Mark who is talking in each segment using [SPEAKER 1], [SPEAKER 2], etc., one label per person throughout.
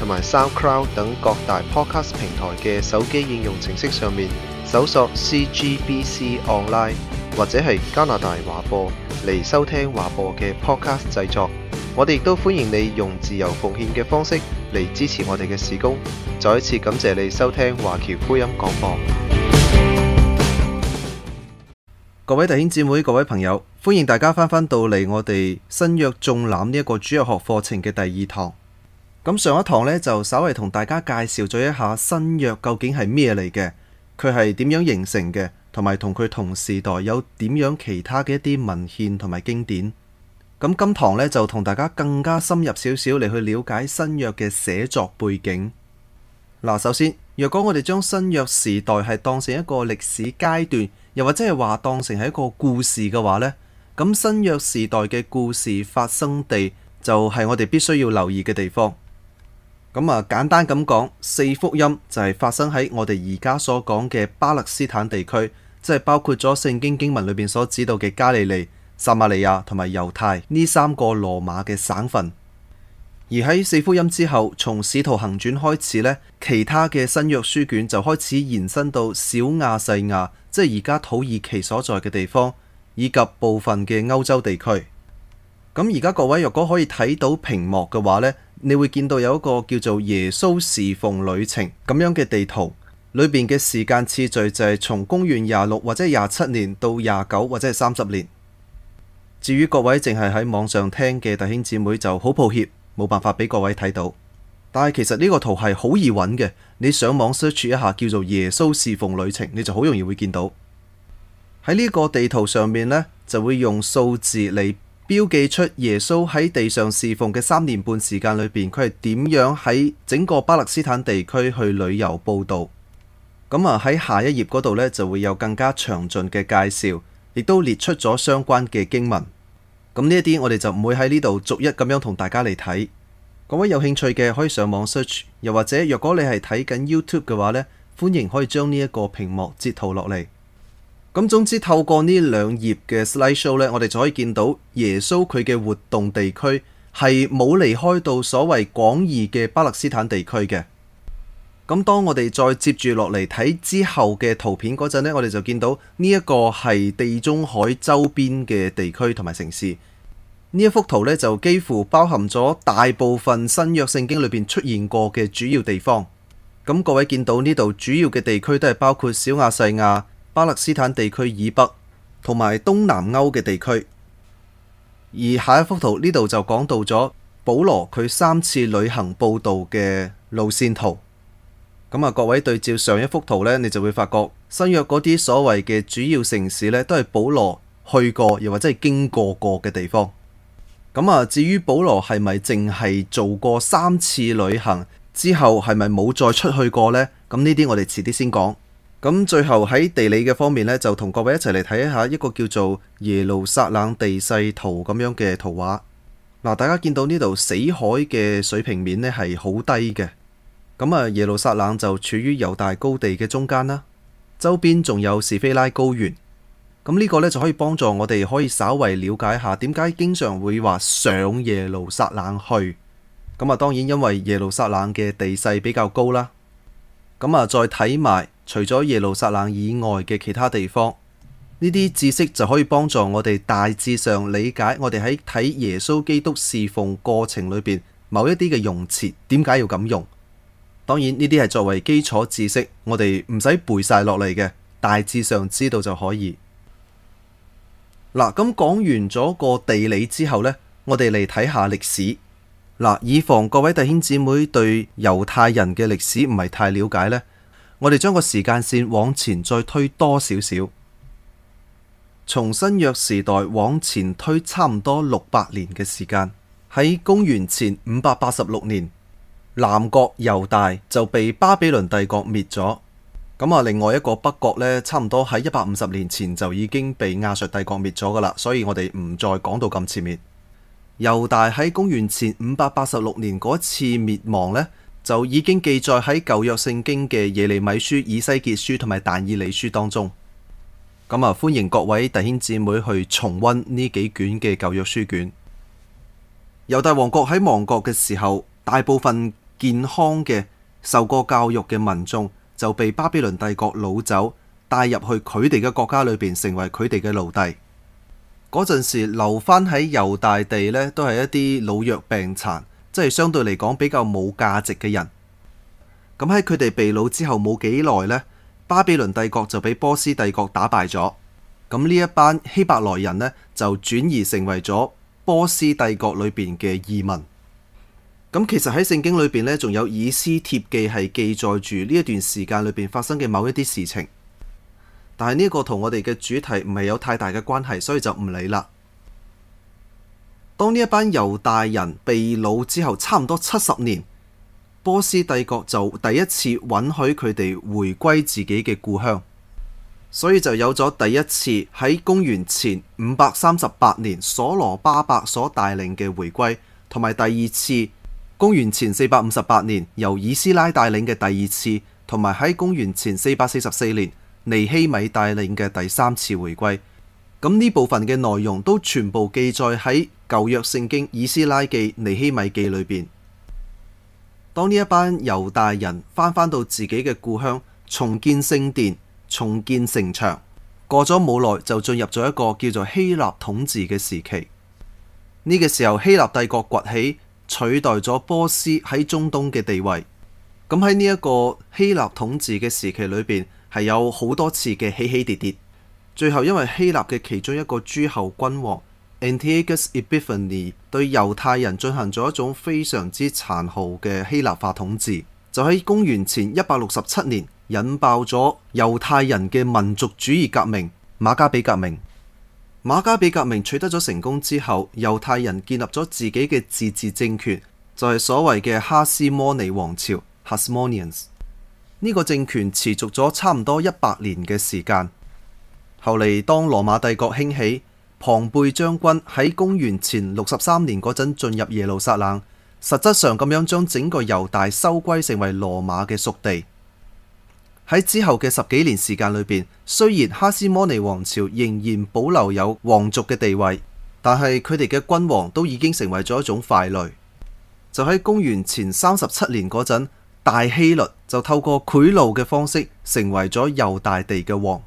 [SPEAKER 1] 同埋 SoundCloud 等各大 Podcast 平台嘅手機應用程式上面搜索 CGBC Online 或者係加拿大華播嚟收聽華播嘅 Podcast 製作。我哋亦都歡迎你用自由奉獻嘅方式嚟支持我哋嘅事工。再一次感謝你收聽華僑福音廣播。各位弟兄姊妹，各位朋友，歡迎大家翻翻到嚟我哋新約綜覽呢一個主日學課程嘅第二堂。咁上一堂呢，就稍微同大家介紹咗一下新約究竟係咩嚟嘅，佢係點樣形成嘅，同埋同佢同時代有點樣其他嘅一啲文獻同埋經典。咁今堂呢，就同大家更加深入少少嚟去了解新約嘅寫作背景。嗱，首先，若果我哋將新約時代係當成一個歷史階段，又或者係話當成係一個故事嘅話呢，咁新約時代嘅故事發生地就係我哋必須要留意嘅地方。咁啊，簡單咁講，四福音就係發生喺我哋而家所講嘅巴勒斯坦地區，即係包括咗聖經經文裏邊所指到嘅加利利、撒瑪利亞同埋猶太呢三個羅馬嘅省份。而喺四福音之後，從使徒行傳開始呢，其他嘅新約書卷就開始延伸到小亞細亞，即係而家土耳其所在嘅地方，以及部分嘅歐洲地區。咁而家各位若果可以睇到屏幕嘅話呢。你會見到有一個叫做耶穌侍奉旅程咁樣嘅地圖，裏邊嘅時間次序就係從公元廿六或者廿七年到廿九或者係三十年。至於各位淨係喺網上聽嘅弟兄姊妹，就好抱歉，冇辦法俾各位睇到。但係其實呢個圖係好易揾嘅，你上網 search 一下叫做耶穌侍奉旅程，你就好容易會見到。喺呢個地圖上面呢，就會用數字嚟。標記出耶穌喺地上侍奉嘅三年半時間裏邊，佢係點樣喺整個巴勒斯坦地區去旅遊報道。咁啊喺下一頁嗰度呢，就會有更加詳盡嘅介紹，亦都列出咗相關嘅經文。咁呢一啲我哋就唔會喺呢度逐一咁樣同大家嚟睇。各位有興趣嘅可以上網 search，又或者若果你係睇緊 YouTube 嘅話呢，歡迎可以將呢一個屏幕截圖落嚟。咁總之，透過呢兩頁嘅 slide show 咧，我哋就可以見到耶穌佢嘅活動地區係冇離開到所謂廣義嘅巴勒斯坦地區嘅。咁當我哋再接住落嚟睇之後嘅圖片嗰陣呢，我哋就見到呢一個係地中海周邊嘅地區同埋城市。呢一幅圖呢，就幾乎包含咗大部分新約聖經裏邊出現過嘅主要地方。咁各位見到呢度主要嘅地區都係包括小亞細亞，巴勒斯坦地區以北同埋東南歐嘅地區，而下一幅圖呢度就講到咗保羅佢三次旅行佈道嘅路線圖。咁、嗯、啊，各位對照上一幅圖呢，你就會發覺新約嗰啲所謂嘅主要城市呢，都係保羅去過，又或者係經過過嘅地方。咁、嗯、啊，至於保羅係咪淨係做過三次旅行之後係咪冇再出去過呢？咁呢啲我哋遲啲先講。咁最後喺地理嘅方面呢，就同各位一齊嚟睇一下一個叫做耶路撒冷地勢圖咁樣嘅圖畫。嗱，大家見到呢度死海嘅水平面呢係好低嘅，咁啊耶路撒冷就處於猶大高地嘅中間啦，周邊仲有士菲拉高原。咁、這、呢個呢，就可以幫助我哋可以稍為了解下點解經常會話上耶路撒冷去。咁啊，當然因為耶路撒冷嘅地勢比較高啦。咁啊，再睇埋。除咗耶路撒冷以外嘅其他地方，呢啲知識就可以幫助我哋大致上理解我哋喺睇耶穌基督侍奉過程裏邊某一啲嘅用詞點解要咁用。當然呢啲係作為基礎知識，我哋唔使背晒落嚟嘅，大致上知道就可以。嗱，咁講完咗個地理之後呢，我哋嚟睇下歷史。嗱，以防各位弟兄姊妹對猶太人嘅歷史唔係太了解呢。我哋將個時間線往前再推多少少，從新約時代往前推差唔多六百年嘅時間，喺公元前五百八十六年，南國猶大就被巴比倫帝國滅咗。咁啊，另外一個北國呢，差唔多喺一百五十年前就已經被亞述帝國滅咗噶啦。所以我哋唔再講到咁前面。猶大喺公元前五百八十六年嗰次滅亡呢。就已經記載喺舊約聖經嘅耶利米書、以西結書同埋但以理書當中。咁啊，歡迎各位弟兄姊妹去重溫呢幾卷嘅舊約書卷。猶大王國喺亡國嘅時候，大部分健康嘅、受過教育嘅民眾就被巴比倫帝國擄走，帶入去佢哋嘅國家裏邊，成為佢哋嘅奴隸。嗰陣時留翻喺猶大地呢，都係一啲老弱病殘。即係相對嚟講比較冇價值嘅人，咁喺佢哋被擄之後冇幾耐呢，巴比倫帝國就俾波斯帝國打敗咗，咁呢一班希伯來人呢，就轉移成為咗波斯帝國裏邊嘅移民。咁其實喺聖經裏邊呢，仲有以斯帖記係記載住呢一段時間裏邊發生嘅某一啲事情，但係呢個同我哋嘅主題唔係有太大嘅關係，所以就唔理啦。當呢一班猶大人被擄之後，差唔多七十年，波斯帝國就第一次允許佢哋回歸自己嘅故鄉，所以就有咗第一次喺公元前五百三十八年所羅巴伯所帶領嘅回歸，同埋第二次公元前四百五十八年由以斯拉帶領嘅第二次，同埋喺公元前四百四十四年尼希米帶領嘅第三次回歸。咁呢部分嘅內容都全部記載喺舊約聖經以斯拉記、尼希米記裏邊。當呢一班猶大人翻返到自己嘅故鄉，重建聖殿、重建城牆，過咗冇耐就進入咗一個叫做希臘統治嘅時期。呢個時候，希臘帝國崛起，取代咗波斯喺中東嘅地位。咁喺呢一個希臘統治嘅時期裏邊，係有好多次嘅起起跌跌。最後，因為希臘嘅其中一個諸侯君王 Antiochus Epiphanes 對猶太人進行咗一種非常之殘酷嘅希臘化統治，就喺公元前一百六十七年引爆咗猶太人嘅民族主義革命——馬加比革命。馬加比革命取得咗成功之後，猶太人建立咗自己嘅自治政權，就係、是、所謂嘅哈斯摩尼王朝 （Hasmonians）。呢、這個政權持續咗差唔多一百年嘅時間。後嚟，當羅馬帝國興起，龐貝將軍喺公元前六十三年嗰陣進入耶路撒冷，實質上咁樣將整個猶大收歸成為羅馬嘅屬地。喺之後嘅十幾年時間裏邊，雖然哈斯摩尼王朝仍然保留有皇族嘅地位，但係佢哋嘅君王都已經成為咗一種傀儡。就喺公元前三十七年嗰陣，大希律就透過賄賂嘅方式，成為咗猶大地嘅王。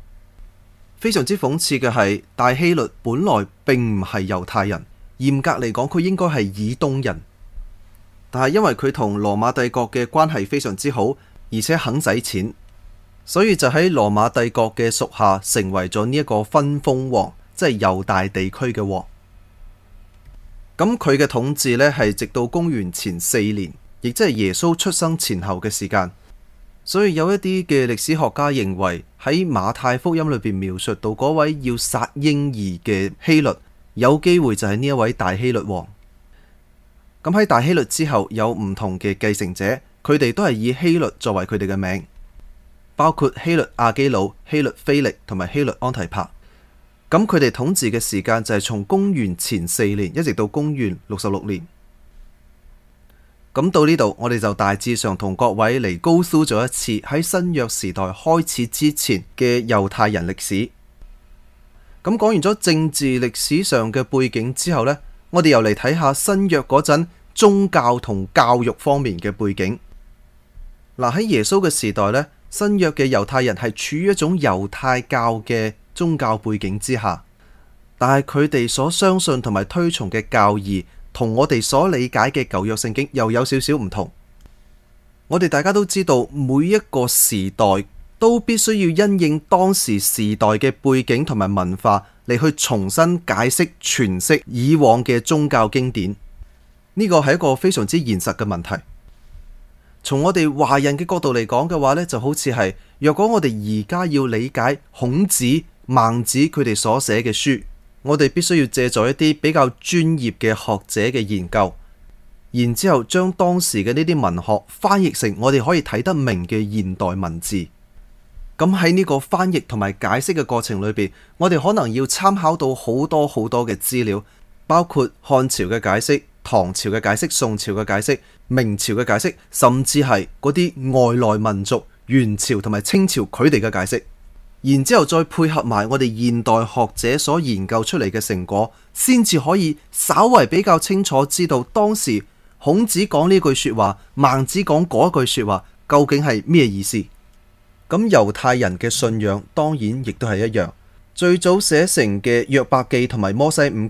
[SPEAKER 1] 非常之諷刺嘅係，大希律本來並唔係猶太人，嚴格嚟講，佢應該係以東人。但係因為佢同羅馬帝國嘅關係非常之好，而且肯使錢，所以就喺羅馬帝國嘅屬下，成為咗呢一個分封王，即係猶大地區嘅王。咁佢嘅統治呢，係直到公元前四年，亦即係耶穌出生前後嘅時間。所以有一啲嘅歷史學家認為，喺馬太福音裏邊描述到嗰位要殺嬰兒嘅希律，有機會就係呢一位大希律王。咁喺大希律之後，有唔同嘅繼承者，佢哋都係以希律作為佢哋嘅名，包括希律亞基老、希律菲力同埋希律安提帕。咁佢哋統治嘅時間就係從公元前四年一直到公元六十六年。咁到呢度，我哋就大致上同各位嚟概述咗一次喺新約時代開始之前嘅猶太人歷史。咁講完咗政治歷史上嘅背景之後呢，我哋又嚟睇下新約嗰陣宗教同教育方面嘅背景。嗱，喺耶穌嘅時代呢，新約嘅猶太人係處於一種猶太教嘅宗教背景之下，但係佢哋所相信同埋推崇嘅教義同我哋所理解嘅舊約聖經又有少少唔同。我哋大家都知道，每一個時代都必須要因應當時時代嘅背景同埋文化嚟去重新解釋詮釋以往嘅宗教經典。呢個係一個非常之現實嘅問題。從我哋華人嘅角度嚟講嘅話呢，就好似係若果我哋而家要理解孔子、孟子佢哋所寫嘅書。我哋必須要借助一啲比較專業嘅學者嘅研究，然之後將當時嘅呢啲文學翻譯成我哋可以睇得明嘅現代文字。咁喺呢個翻譯同埋解釋嘅過程裏邊，我哋可能要參考到好多好多嘅資料，包括漢朝嘅解釋、唐朝嘅解釋、宋朝嘅解釋、明朝嘅解釋，甚至係嗰啲外來民族、元朝同埋清朝佢哋嘅解釋。然之後再配合埋我哋現代學者所研究出嚟嘅成果，先至可以稍為比較清楚知道當時孔子講呢句説話，孟子講嗰句説話究竟係咩意思。咁、嗯、猶太人嘅信仰當然亦都係一樣，最早寫成嘅《約伯記》同埋《摩西五經》，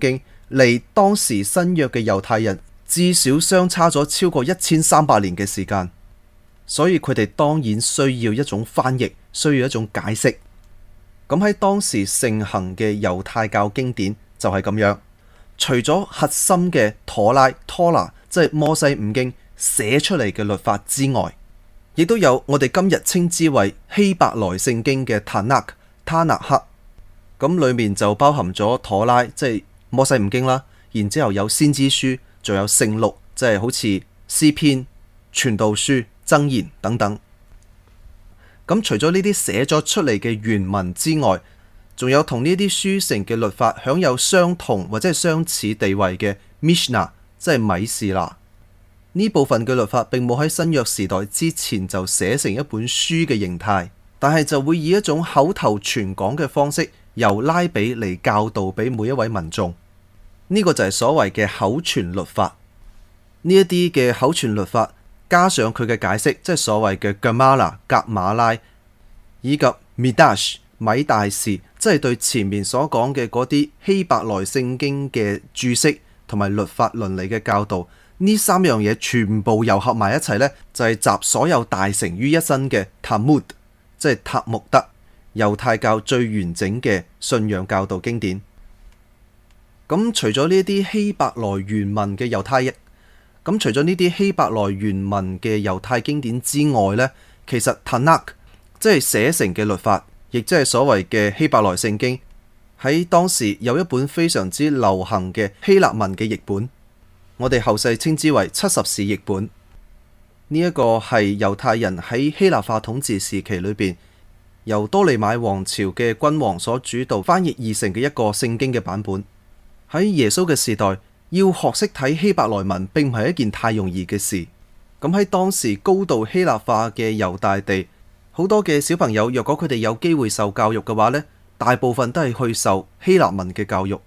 [SPEAKER 1] 離當時新約嘅猶太人至少相差咗超過一千三百年嘅時間，所以佢哋當然需要一種翻譯，需要一種解釋。咁喺當時盛行嘅猶太教經典就係咁樣，除咗核心嘅妥拉 t o 即係摩西五經寫出嚟嘅律法之外，亦都有我哋今日稱之為希伯來聖經嘅坦那克 t a n n 咁裡面就包含咗妥拉，即、就、係、是、摩西五經啦。然之後有先知書，仲有聖錄，即、就、係、是、好似詩篇、傳道書、箴言等等。咁除咗呢啲寫咗出嚟嘅原文之外，仲有同呢啲書成嘅律法享有相同或者係相似地位嘅 Mishnah，即係米士啦。呢部分嘅律法並冇喺新約時代之前就寫成一本書嘅形態，但係就會以一種口頭傳講嘅方式，由拉比嚟教導俾每一位民眾。呢、呢個就係所謂嘅口傳律法。呢一啲嘅口傳律法，加上佢嘅解釋，即係所謂嘅 Gamala、格馬拉，以及 Midash、米大士，即係對前面所講嘅嗰啲希伯來聖經嘅注釋同埋律法倫理嘅教導，呢三樣嘢全部糅合埋一齊，呢就係、是、集所有大成於一身嘅 Talmud，即係塔木德，猶太教最完整嘅信仰教導經典。咁除咗呢啲希伯來原文嘅猶太人。咁除咗呢啲希伯來原文嘅猶太經典之外呢，其實塔納克即係寫成嘅律法，亦即係所謂嘅希伯來聖經，喺當時有一本非常之流行嘅希臘文嘅譯本，我哋後世稱之為七十士譯本。呢、這、一個係猶太人喺希臘化統治時期裏邊，由多利買王朝嘅君王所主導翻譯而成嘅一個聖經嘅版本。喺耶穌嘅時代。要學識睇希伯來文，並唔係一件太容易嘅事。咁喺當時高度希臘化嘅猶大地，好多嘅小朋友，若果佢哋有機會受教育嘅話呢，大部分都係去受希臘文嘅教育。呢、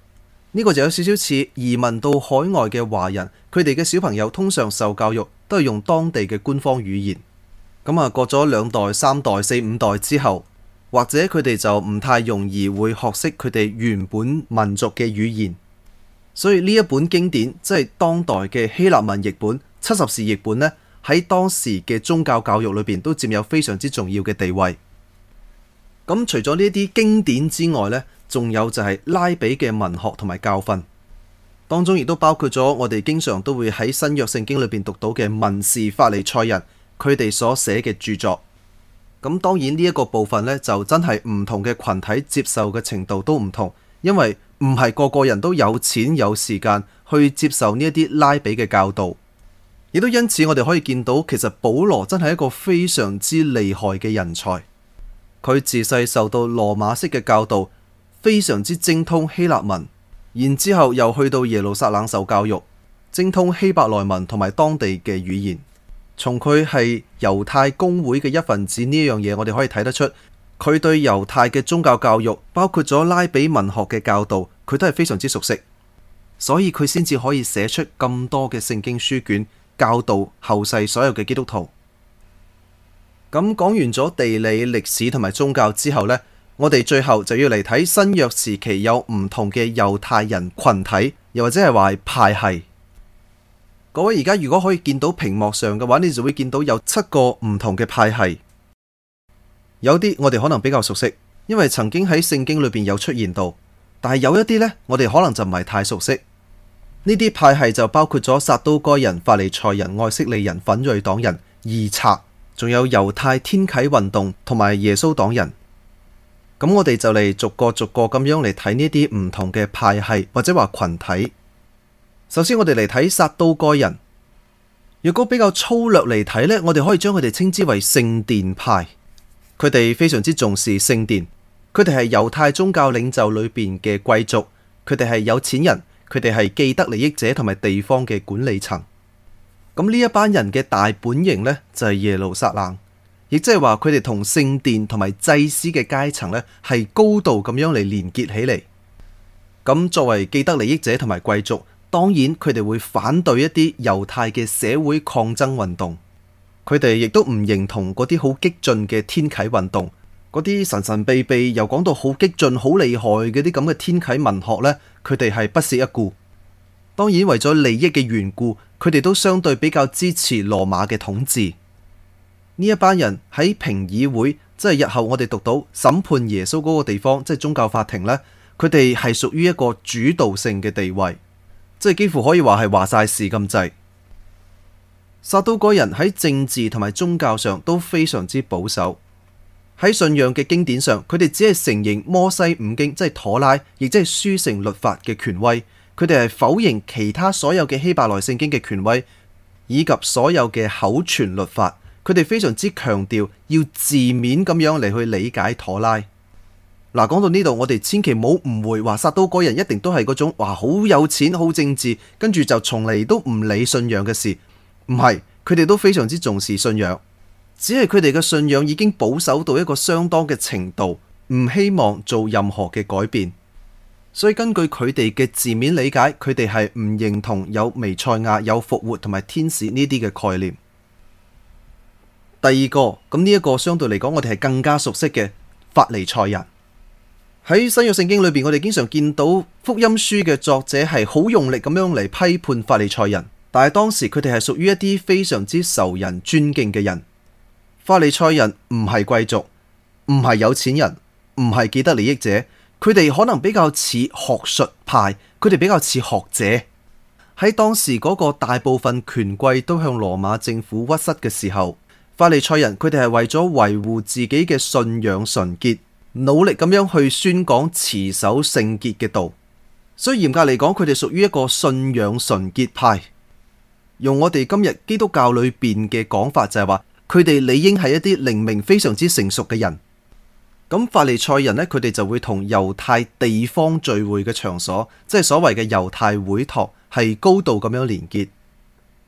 [SPEAKER 1] 這個就有少少似移民到海外嘅華人，佢哋嘅小朋友通常受教育都係用當地嘅官方語言。咁啊，過咗兩代、三代、四五代之後，或者佢哋就唔太容易會學識佢哋原本民族嘅語言。所以呢一本經典，即係當代嘅希臘文譯本、七十士譯本咧，喺當時嘅宗教教育裏邊都佔有非常之重要嘅地位。咁、嗯、除咗呢啲經典之外咧，仲有就係拉比嘅文學同埋教訓，當中亦都包括咗我哋經常都會喺新約聖經裏邊讀到嘅文士法利賽人佢哋所寫嘅著作。咁、嗯、當然呢一個部分咧，就真係唔同嘅群體接受嘅程度都唔同，因為。唔係個個人都有錢有時間去接受呢一啲拉比嘅教導，亦都因此我哋可以見到，其實保羅真係一個非常之厲害嘅人才。佢自細受到羅馬式嘅教導，非常之精通希臘文，然之後又去到耶路撒冷受教育，精通希伯來文同埋當地嘅語言。從佢係猶太公會嘅一份子呢樣嘢，我哋可以睇得出。佢對猶太嘅宗教教育，包括咗拉比文學嘅教導，佢都係非常之熟悉，所以佢先至可以寫出咁多嘅聖經書卷，教導後世所有嘅基督徒。咁、嗯、講完咗地理、歷史同埋宗教之後呢，我哋最後就要嚟睇新約時期有唔同嘅猶太人群體，又或者係話派系。各位而家如果可以見到屏幕上嘅話，你就會見到有七個唔同嘅派系。有啲我哋可能比較熟悉，因為曾經喺聖經裏邊有出現到，但係有一啲呢，我哋可能就唔係太熟悉。呢啲派系就包括咗撒都該人、法利賽人、愛色利人、奮銳黨人、異賊，仲有猶太天啟運動同埋耶穌黨人。咁我哋就嚟逐個逐個咁樣嚟睇呢啲唔同嘅派系或者話群體。首先我哋嚟睇撒都該人，如果比較粗略嚟睇呢，我哋可以將佢哋稱之為聖殿派。佢哋非常之重視聖殿，佢哋係猶太宗教領袖裏邊嘅貴族，佢哋係有錢人，佢哋係既得利益者同埋地方嘅管理層。咁呢一班人嘅大本營呢，就係耶路撒冷，亦即係話佢哋同聖殿同埋祭司嘅階層呢，係高度咁樣嚟連結起嚟。咁作為既得利益者同埋貴族，當然佢哋會反對一啲猶太嘅社會抗爭運動。佢哋亦都唔認同嗰啲好激進嘅天啟運動，嗰啲神神秘秘又講到好激進、好厲害嘅啲咁嘅天啟文學呢，佢哋係不屑一顧。當然為咗利益嘅緣故，佢哋都相對比較支持羅馬嘅統治。呢一班人喺評議會，即係日後我哋讀到審判耶穌嗰個地方，即係宗教法庭呢，佢哋係屬於一個主導性嘅地位，即係幾乎可以話係話晒事咁滯。撒都該人喺政治同埋宗教上都非常之保守。喺信仰嘅經典上，佢哋只係承認摩西五經，即係妥拉，亦即係書成律法嘅權威。佢哋係否認其他所有嘅希伯來聖經嘅權威，以及所有嘅口傳律法。佢哋非常之強調要字面咁樣嚟去理解妥拉。嗱，講到呢度，我哋千祈唔好誤會，話撒都該人一定都係嗰種哇，好有錢、好政治，跟住就從嚟都唔理信仰嘅事。唔係，佢哋都非常之重視信仰，只係佢哋嘅信仰已經保守到一個相當嘅程度，唔希望做任何嘅改變。所以根據佢哋嘅字面理解，佢哋係唔認同有彌賽亞、有復活同埋天使呢啲嘅概念。第二個，咁呢一個相對嚟講，我哋係更加熟悉嘅法利賽人。喺新約聖經裏邊，我哋經常見到福音書嘅作者係好用力咁樣嚟批判法利賽人。但係當時佢哋係屬於一啲非常之受人尊敬嘅人，法利賽人唔係貴族，唔係有錢人，唔係既得利益者，佢哋可能比較似學術派，佢哋比較似學者。喺當時嗰個大部分權貴都向羅馬政府屈膝嘅時候，法利賽人佢哋係為咗維護自己嘅信仰純潔，努力咁樣去宣講持守聖潔嘅道。所以嚴格嚟講，佢哋屬於一個信仰純潔派。用我哋今日基督教裏邊嘅講法，就係話佢哋理應係一啲靈命非常之成熟嘅人。咁法利賽人呢，佢哋就會同猶太地方聚會嘅場所，即係所謂嘅猶太會堂，係高度咁樣連結。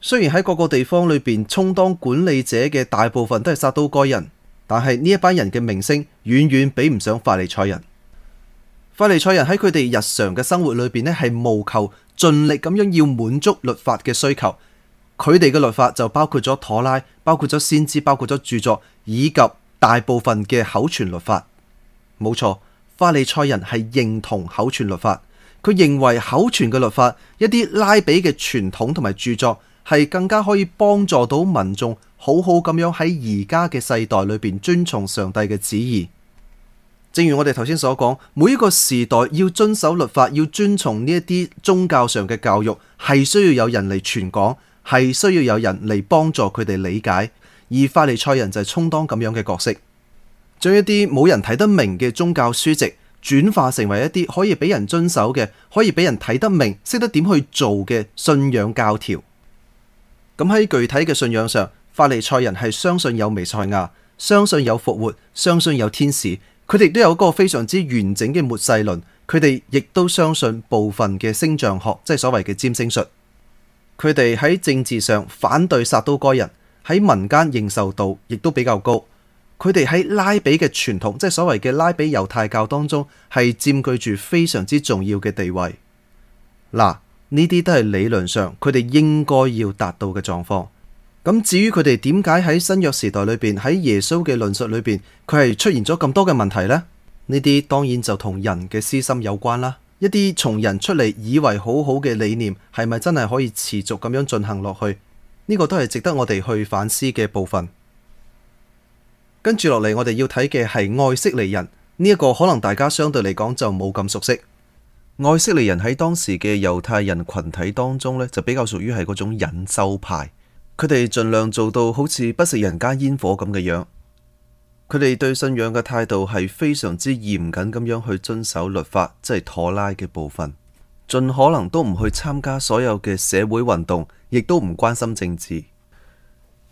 [SPEAKER 1] 雖然喺各個地方裏邊充當管理者嘅大部分都係撒都該人，但係呢一班人嘅名聲遠遠比唔上法利賽人。法利賽人喺佢哋日常嘅生活裏邊呢，係務求盡力咁樣要滿足律法嘅需求。佢哋嘅律法就包括咗妥拉，包括咗先知，包括咗著作，以及大部分嘅口傳律法。冇錯，法利賽人係認同口傳律法。佢認為口傳嘅律法，一啲拉比嘅傳統同埋著作，係更加可以幫助到民眾好好咁樣喺而家嘅世代裏邊遵從上帝嘅旨意。正如我哋頭先所講，每一個時代要遵守律法，要遵從呢一啲宗教上嘅教育，係需要有人嚟傳講。係需要有人嚟幫助佢哋理解，而法利賽人就係充當咁樣嘅角色，將一啲冇人睇得明嘅宗教書籍轉化成為一啲可以俾人遵守嘅，可以俾人睇得明、識得點去做嘅信仰教條。咁喺具體嘅信仰上，法利賽人係相信有彌賽亞，相信有復活，相信有天使。佢哋都有一個非常之完整嘅末世論。佢哋亦都相信部分嘅星象學，即係所謂嘅占星術。佢哋喺政治上反對撒都該人，喺民間認受度亦都比較高。佢哋喺拉比嘅傳統，即係所謂嘅拉比猶太教當中，係佔據住非常之重要嘅地位。嗱，呢啲都係理論上佢哋應該要達到嘅狀況。咁至於佢哋點解喺新約時代裏邊，喺耶穌嘅論述裏邊，佢係出現咗咁多嘅問題呢？呢啲當然就同人嘅私心有關啦。一啲從人出嚟以為好好嘅理念，係咪真係可以持續咁樣進行落去？呢、這個都係值得我哋去反思嘅部分。跟住落嚟，我哋要睇嘅係愛色尼人呢一、這個，可能大家相對嚟講就冇咁熟悉。愛色尼人喺當時嘅猶太人群體當中呢，就比較屬於係嗰種隱修派，佢哋盡量做到好似不食人間煙火咁嘅樣。佢哋對信仰嘅態度係非常之嚴謹咁樣去遵守律法，即係妥拉嘅部分，盡可能都唔去參加所有嘅社會運動，亦都唔關心政治。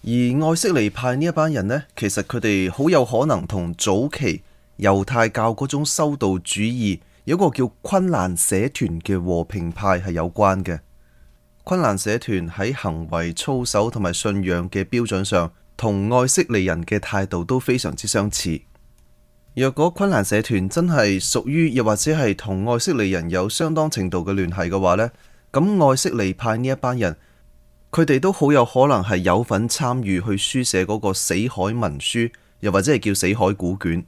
[SPEAKER 1] 而愛色尼派呢一班人呢，其實佢哋好有可能同早期猶太教嗰種修道主義，有一個叫昆蘭社團嘅和平派系有關嘅。昆蘭社團喺行為操守同埋信仰嘅標準上，同愛色尼人嘅態度都非常之相似。若果昆蘭社團真係屬於，又或者係同愛色尼人有相當程度嘅聯繫嘅話呢，咁愛色尼派呢一班人，佢哋都好有可能係有份參與去書寫嗰個死海文書，又或者係叫死海古卷。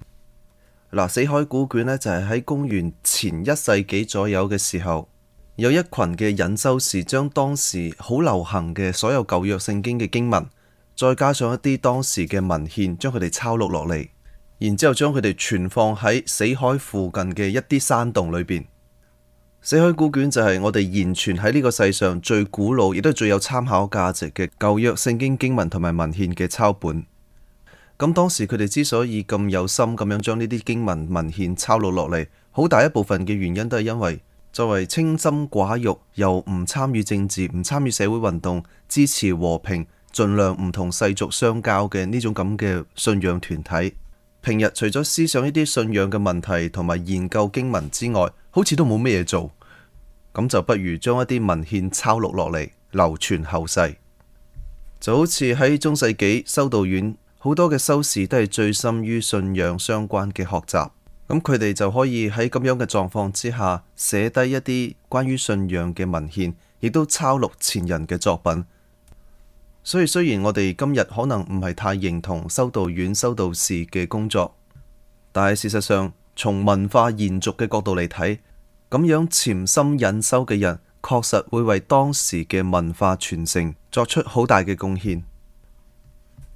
[SPEAKER 1] 嗱、啊，死海古卷呢，就係喺公元前一世紀左右嘅時候，有一群嘅隱修士將當時好流行嘅所有舊約聖經嘅經文。再加上一啲當時嘅文獻，將佢哋抄錄落嚟，然之後將佢哋存放喺死海附近嘅一啲山洞裏邊。死海古卷就係我哋現存喺呢個世上最古老亦都係最有參考價值嘅舊約聖經經文同埋文獻嘅抄本。咁當時佢哋之所以咁有心咁樣將呢啲經文文獻抄錄落嚟，好大一部分嘅原因都係因為作為清心寡欲，又唔參與政治、唔參與社會運動，支持和平。盡量唔同世俗相交嘅呢種咁嘅信仰團體，平日除咗思想一啲信仰嘅問題同埋研究經文之外，好似都冇咩嘢做，咁就不如將一啲文獻抄錄落嚟，流傳後世。就好似喺中世紀修道院，好多嘅修士都係醉心於信仰相關嘅學習，咁佢哋就可以喺咁樣嘅狀況之下，寫低一啲關於信仰嘅文獻，亦都抄錄前人嘅作品。所以雖然我哋今日可能唔係太認同修道院修道士嘅工作，但係事實上從文化延續嘅角度嚟睇，咁樣潛心隱修嘅人確實會為當時嘅文化傳承作出好大嘅貢獻。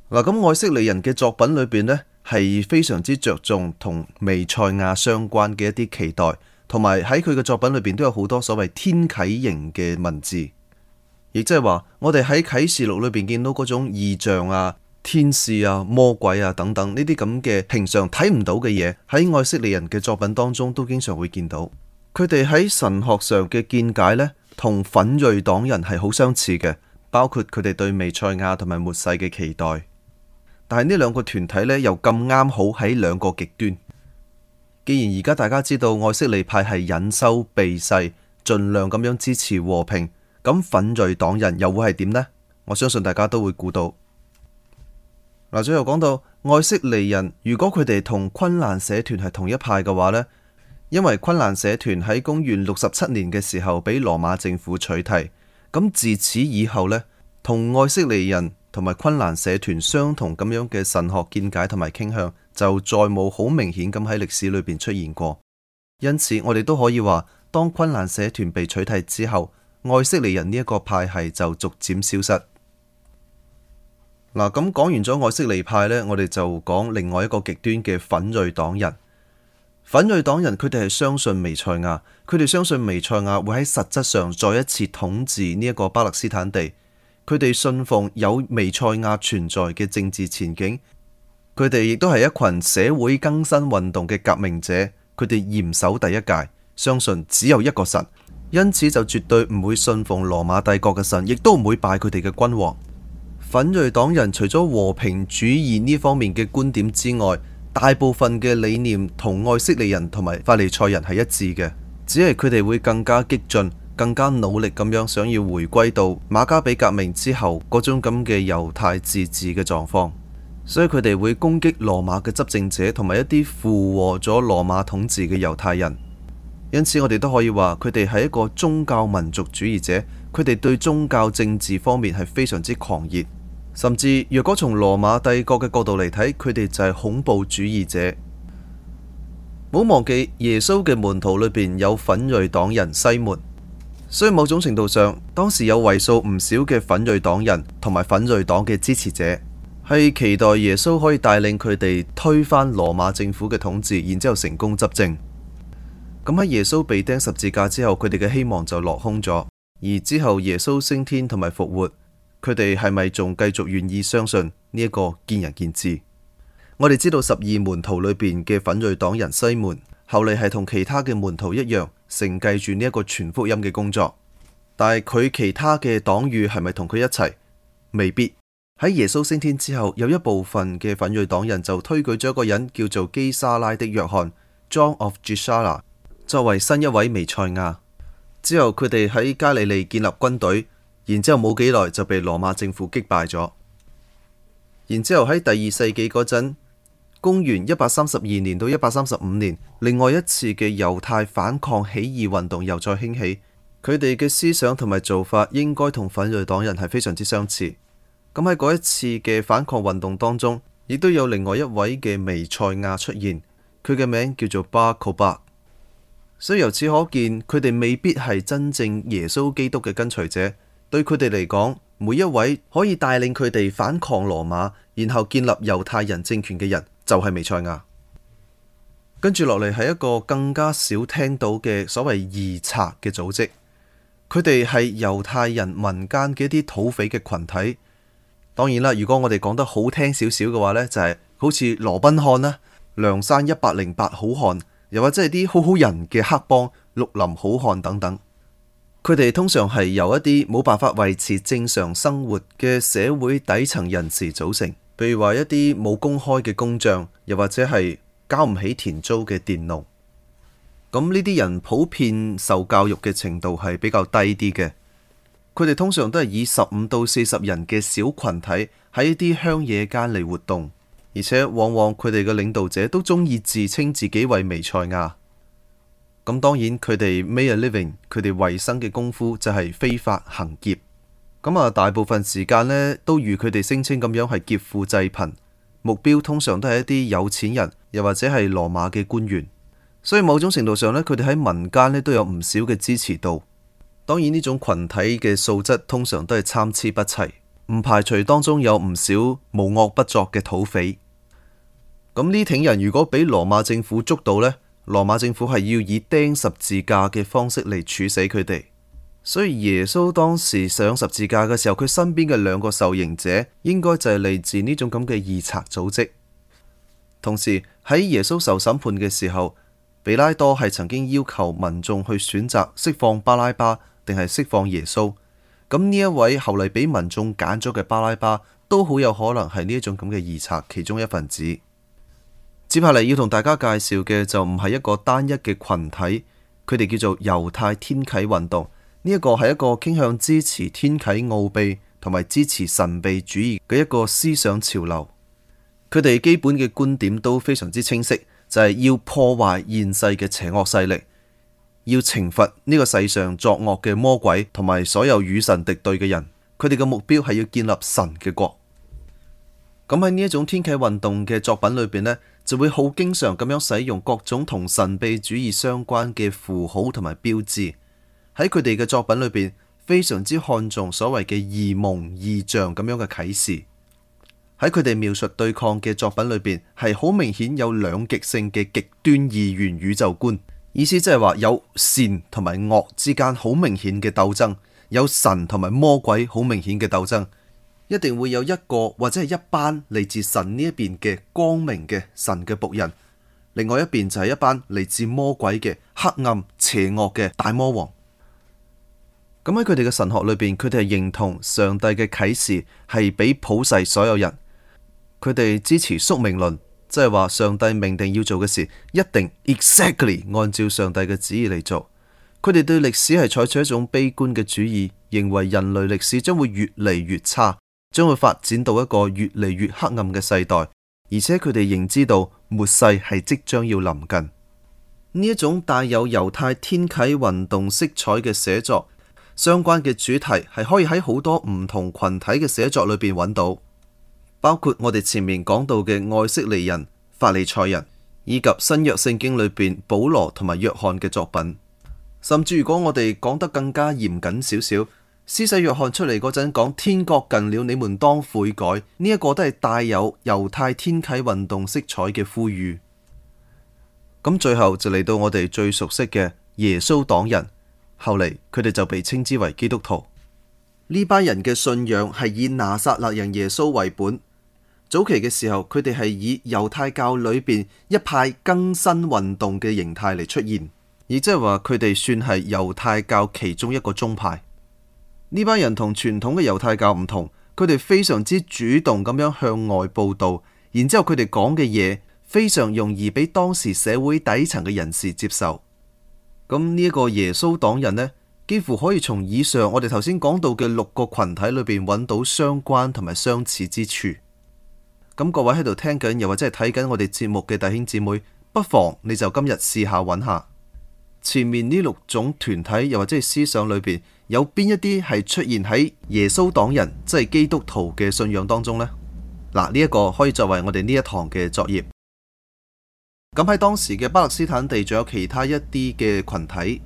[SPEAKER 1] 嗱、嗯，咁愛惜利人嘅作品裏邊呢，係非常之着重同彌賽亞相關嘅一啲期待，同埋喺佢嘅作品裏邊都有好多所謂天啟型嘅文字。亦即係話，我哋喺啟示錄裏邊見到嗰種異象啊、天使啊、魔鬼啊等等呢啲咁嘅平常睇唔到嘅嘢，喺愛色利人嘅作品當中都經常會見到。佢哋喺神學上嘅見解呢，同奮銳黨人係好相似嘅，包括佢哋對彌賽亞同埋末世嘅期待。但係呢兩個團體呢，又咁啱好喺兩個極端。既然而家大家知道愛色利派係隱修避世，盡量咁樣支持和平。咁奮銳黨人又會係點呢？我相信大家都會估到嗱。最後講到愛色尼人，如果佢哋同昆蘭社團係同一派嘅話呢，因為昆蘭社團喺公元六十七年嘅時候俾羅馬政府取締，咁自此以後呢，同愛色尼人同埋昆蘭社團相同咁樣嘅神學見解同埋傾向，就再冇好明顯咁喺歷史裏邊出現過。因此，我哋都可以話，當昆蘭社團被取締之後，愛色尼人呢一個派系就逐漸消失。嗱、啊，咁講完咗愛色尼派呢，我哋就講另外一個極端嘅奮銳黨人。奮銳黨人佢哋係相信彌賽亞，佢哋相信彌賽亞會喺實質上再一次統治呢一個巴勒斯坦地。佢哋信奉有彌賽亞存在嘅政治前景。佢哋亦都係一群社會更新運動嘅革命者。佢哋嚴守第一誡，相信只有一個神。因此就絕對唔會信奉羅馬帝國嘅神，亦都唔會拜佢哋嘅君王。奮銳黨人除咗和平主義呢方面嘅觀點之外，大部分嘅理念同愛色尼人同埋法利賽人係一致嘅，只係佢哋會更加激進、更加努力咁樣，想要回歸到馬加比革命之後嗰種咁嘅猶太自治嘅狀況。所以佢哋會攻擊羅馬嘅執政者同埋一啲附和咗羅馬統治嘅猶太人。因此，我哋都可以話，佢哋係一個宗教民族主義者，佢哋對宗教政治方面係非常之狂熱，甚至若果從羅馬帝國嘅角度嚟睇，佢哋就係恐怖主義者。唔好忘記耶穌嘅門徒裏邊有奮銳黨人西門，所以某種程度上，當時有為數唔少嘅奮銳黨人同埋奮銳黨嘅支持者，係期待耶穌可以帶領佢哋推翻羅馬政府嘅統治，然之後成功執政。咁喺耶穌被釘十字架之後，佢哋嘅希望就落空咗。而之後耶穌升天同埋復活，佢哋係咪仲繼續願意相信呢？一個見仁見智。我哋知道十二門徒裏邊嘅奮銳黨人西門，後嚟係同其他嘅門徒一樣，承繼住呢一個傳福音嘅工作。但係佢其他嘅黨羽係咪同佢一齊？未必。喺耶穌升天之後，有一部分嘅奮銳黨人就推舉咗一個人叫做基沙拉的約翰 （John of Gischala）。作為新一位彌賽亞之後，佢哋喺加利利建立軍隊，然之後冇幾耐，就被羅馬政府擊敗咗。然之後喺第二世紀嗰陣，公元一百三十二年到一百三十五年，另外一次嘅猶太反抗起義運動又再興起，佢哋嘅思想同埋做法應該同奮銳黨人係非常之相似。咁喺嗰一次嘅反抗運動當中，亦都有另外一位嘅彌賽亞出現，佢嘅名叫做巴庫巴。所以由此可見，佢哋未必係真正耶穌基督嘅跟隨者。對佢哋嚟講，每一位可以帶領佢哋反抗羅馬，然後建立猶太人政權嘅人，就係彌賽亞。跟住落嚟係一個更加少聽到嘅所謂義賊嘅組織。佢哋係猶太人民間嘅一啲土匪嘅群體。當然啦，如果我哋講得好聽少少嘅話呢，就係、是、好似羅賓漢啦、梁山一百零八好漢。又或者係啲好好人嘅黑幫、綠林好漢等等，佢哋通常係由一啲冇辦法維持正常生活嘅社會底層人士組成，譬如話一啲冇公開嘅工匠，又或者係交唔起田租嘅佃農。咁呢啲人普遍受教育嘅程度係比較低啲嘅，佢哋通常都係以十五到四十人嘅小群體喺一啲鄉野間嚟活動。而且往往佢哋嘅領導者都鍾意自稱自己為彌賽亞。咁當然佢哋 make a living，佢哋維生嘅功夫就係非法行劫。咁啊，大部分時間呢，都如佢哋聲稱咁樣係劫富濟貧，目標通常都係一啲有錢人，又或者係羅馬嘅官員。所以某種程度上呢，佢哋喺民間呢都有唔少嘅支持度。當然呢種群體嘅素質通常都係參差不齊，唔排除當中有唔少無惡不作嘅土匪。咁呢挺人如果俾羅馬政府捉到呢，羅馬政府係要以釘十字架嘅方式嚟處死佢哋。所以耶穌當時上十字架嘅時候，佢身邊嘅兩個受刑者應該就係嚟自呢種咁嘅義賊組織。同時喺耶穌受審判嘅時候，比拉多係曾經要求民眾去選擇釋放巴拉巴定係釋放耶穌。咁呢一位後嚟俾民眾揀咗嘅巴拉巴，都好有可能係呢一種咁嘅義賊其中一份子。接下嚟要同大家介紹嘅就唔係一個單一嘅群體，佢哋叫做猶太天啟運動。呢一個係一個傾向支持天啟奧秘同埋支持神秘主義嘅一個思想潮流。佢哋基本嘅觀點都非常之清晰，就係要破壞現世嘅邪惡勢力，要懲罰呢個世上作惡嘅魔鬼同埋所有與神敵對嘅人。佢哋嘅目標係要建立神嘅國。咁喺呢一種天啟運動嘅作品裏邊呢。就會好經常咁樣使用各種同神秘主義相關嘅符號同埋標誌，喺佢哋嘅作品裏邊非常之看重所謂嘅異夢異象咁樣嘅啟示，喺佢哋描述對抗嘅作品裏邊係好明顯有兩極性嘅極端二元宇宙觀，意思即係話有善同埋惡之間好明顯嘅鬥爭，有神同埋魔鬼好明顯嘅鬥爭。一定會有一個或者係一班嚟自神呢一邊嘅光明嘅神嘅僕人，另外一邊就係一班嚟自魔鬼嘅黑暗邪惡嘅大魔王。咁喺佢哋嘅神學裏邊，佢哋係認同上帝嘅啟示係俾普世所有人。佢哋支持宿命論，即係話上帝命定要做嘅事，一定 exactly 按照上帝嘅旨意嚟做。佢哋對歷史係採取一種悲觀嘅主義，認為人類歷史將會越嚟越差。將會發展到一個越嚟越黑暗嘅世代，而且佢哋認知到末世係即將要臨近。呢一種帶有猶太天啟運動色彩嘅寫作，相關嘅主題係可以喺好多唔同群體嘅寫作裏邊揾到，包括我哋前面講到嘅愛色尼人、法利賽人，以及新約聖經裏邊保羅同埋約翰嘅作品。甚至如果我哋講得更加嚴謹少少。施洗約翰出嚟嗰陣，講天國近了，你們當悔改。呢一個都係帶有猶太天啟運動色彩嘅呼籲。咁最後就嚟到我哋最熟悉嘅耶穌黨人，後嚟佢哋就被稱之為基督徒。呢班人嘅信仰係以拿撒勒人耶穌為本。早期嘅時候，佢哋係以猶太教裏邊一派更新運動嘅形態嚟出現，而即係話佢哋算係猶太教其中一個宗派。呢班人同傳統嘅猶太教唔同，佢哋非常之主動咁樣向外佈道，然之後佢哋講嘅嘢非常容易俾當時社會底層嘅人士接受。咁呢一個耶穌黨人呢，幾乎可以從以上我哋頭先講到嘅六個群體裏邊揾到相關同埋相似之處。咁各位喺度聽緊又或者係睇緊我哋節目嘅弟兄姊妹，不妨你就今日試下揾下。前面呢六種團體又或者係思想裏邊，有邊一啲係出現喺耶穌黨人，即係基督徒嘅信仰當中呢？嗱，呢一個可以作為我哋呢一堂嘅作業。咁喺當時嘅巴勒斯坦地，仲有其他一啲嘅群體，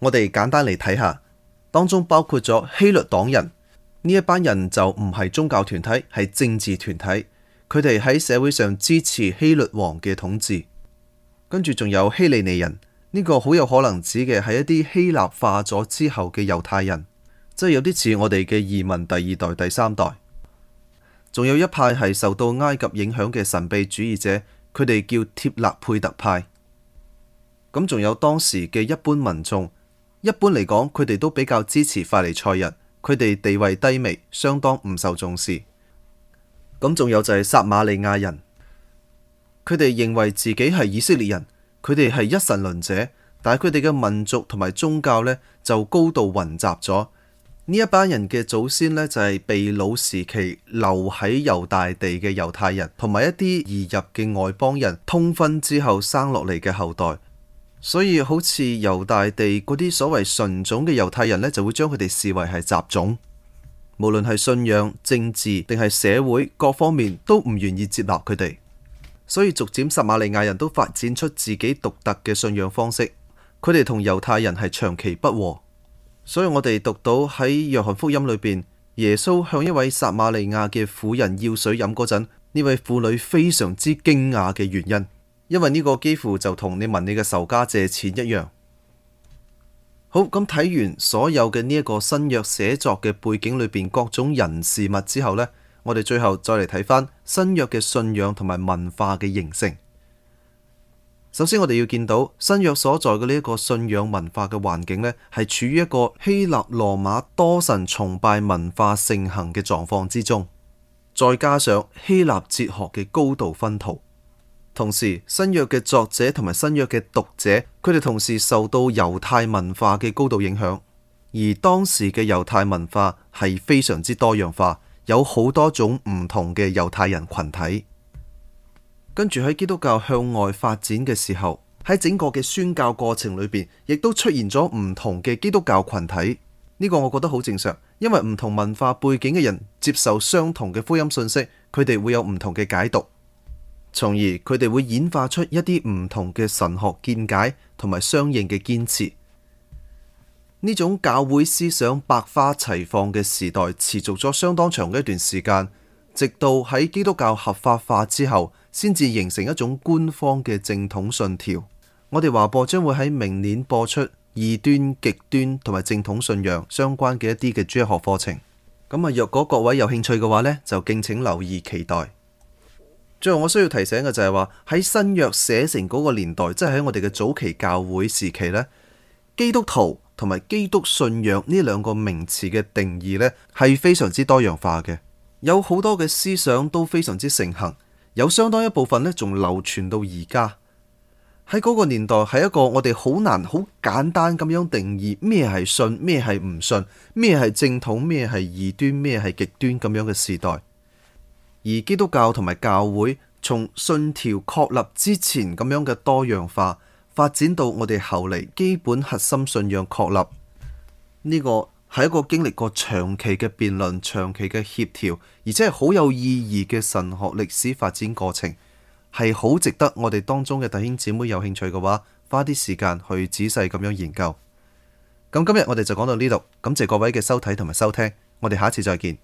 [SPEAKER 1] 我哋簡單嚟睇下，當中包括咗希律黨人。呢一班人就唔係宗教團體，係政治團體，佢哋喺社會上支持希律王嘅統治，跟住仲有希利尼人。呢個好有可能指嘅係一啲希臘化咗之後嘅猶太人，即係有啲似我哋嘅移民第二代、第三代。仲有一派係受到埃及影響嘅神秘主義者，佢哋叫帖納佩特派。咁仲有當時嘅一般民眾，一般嚟講佢哋都比較支持法利賽人，佢哋地位低微，相當唔受重視。咁仲有就係撒瑪利亞人，佢哋認為自己係以色列人。佢哋係一神論者，但係佢哋嘅民族同埋宗教呢就高度混雜咗。呢一班人嘅祖先呢，就係被擄時期留喺猶大地嘅猶太人，同埋一啲移入嘅外邦人通婚之後生落嚟嘅後代。所以好似猶大地嗰啲所謂純種嘅猶太人呢，就會將佢哋視為係雜種，無論係信仰、政治定係社會各方面都唔願意接納佢哋。所以逐漸，撒瑪利亞人都發展出自己獨特嘅信仰方式。佢哋同猶太人係長期不和。所以我哋讀到喺約翰福音裏邊，耶穌向一位撒瑪利亞嘅婦人要水飲嗰陣，呢位婦女非常之驚訝嘅原因，因為呢個幾乎就同你問你嘅仇家借錢一樣。好，咁睇完所有嘅呢一個新約寫作嘅背景裏邊各種人事物之後呢。我哋最後再嚟睇翻新約嘅信仰同埋文化嘅形成。首先，我哋要見到新約所在嘅呢一個信仰文化嘅環境呢係處於一個希臘羅馬多神崇拜文化盛行嘅狀況之中，再加上希臘哲學嘅高度熏陶。同時，新約嘅作者同埋新約嘅讀者，佢哋同時受到猶太文化嘅高度影響，而當時嘅猶太文化係非常之多樣化。有好多種唔同嘅猶太人群體，跟住喺基督教向外發展嘅時候，喺整個嘅宣教過程裏邊，亦都出現咗唔同嘅基督教群體。呢個我覺得好正常，因為唔同文化背景嘅人接受相同嘅福音信息，佢哋會有唔同嘅解讀，從而佢哋會演化出一啲唔同嘅神學見解同埋相應嘅堅持。呢種教會思想百花齊放嘅時代持續咗相當長嘅一段時間，直到喺基督教合法化之後，先至形成一種官方嘅正統信條。我哋華播將會喺明年播出異端極端同埋正統信仰相關嘅一啲嘅哲學課程。咁啊，若果各位有興趣嘅話呢，就敬請留意期待。最後，我需要提醒嘅就係話喺新約寫成嗰個年代，即係喺我哋嘅早期教會時期呢，基督徒同埋基督信仰呢兩個名詞嘅定義咧，係非常之多樣化嘅，有好多嘅思想都非常之盛行，有相當一部分咧仲流傳到而家。喺嗰個年代，係一個我哋好難好簡單咁樣定義咩係信，咩係唔信，咩係正統，咩係異端，咩係極端咁樣嘅時代。而基督教同埋教會從信條確立之前咁樣嘅多樣化。發展到我哋後嚟基本核心信仰確立呢個係一個經歷過長期嘅辯論、長期嘅協調，而且係好有意義嘅神學歷史發展過程，係好值得我哋當中嘅弟兄姊妹有興趣嘅話，花啲時間去仔細咁樣研究。咁今日我哋就講到呢度，感謝各位嘅收睇同埋收聽，我哋下一次再見。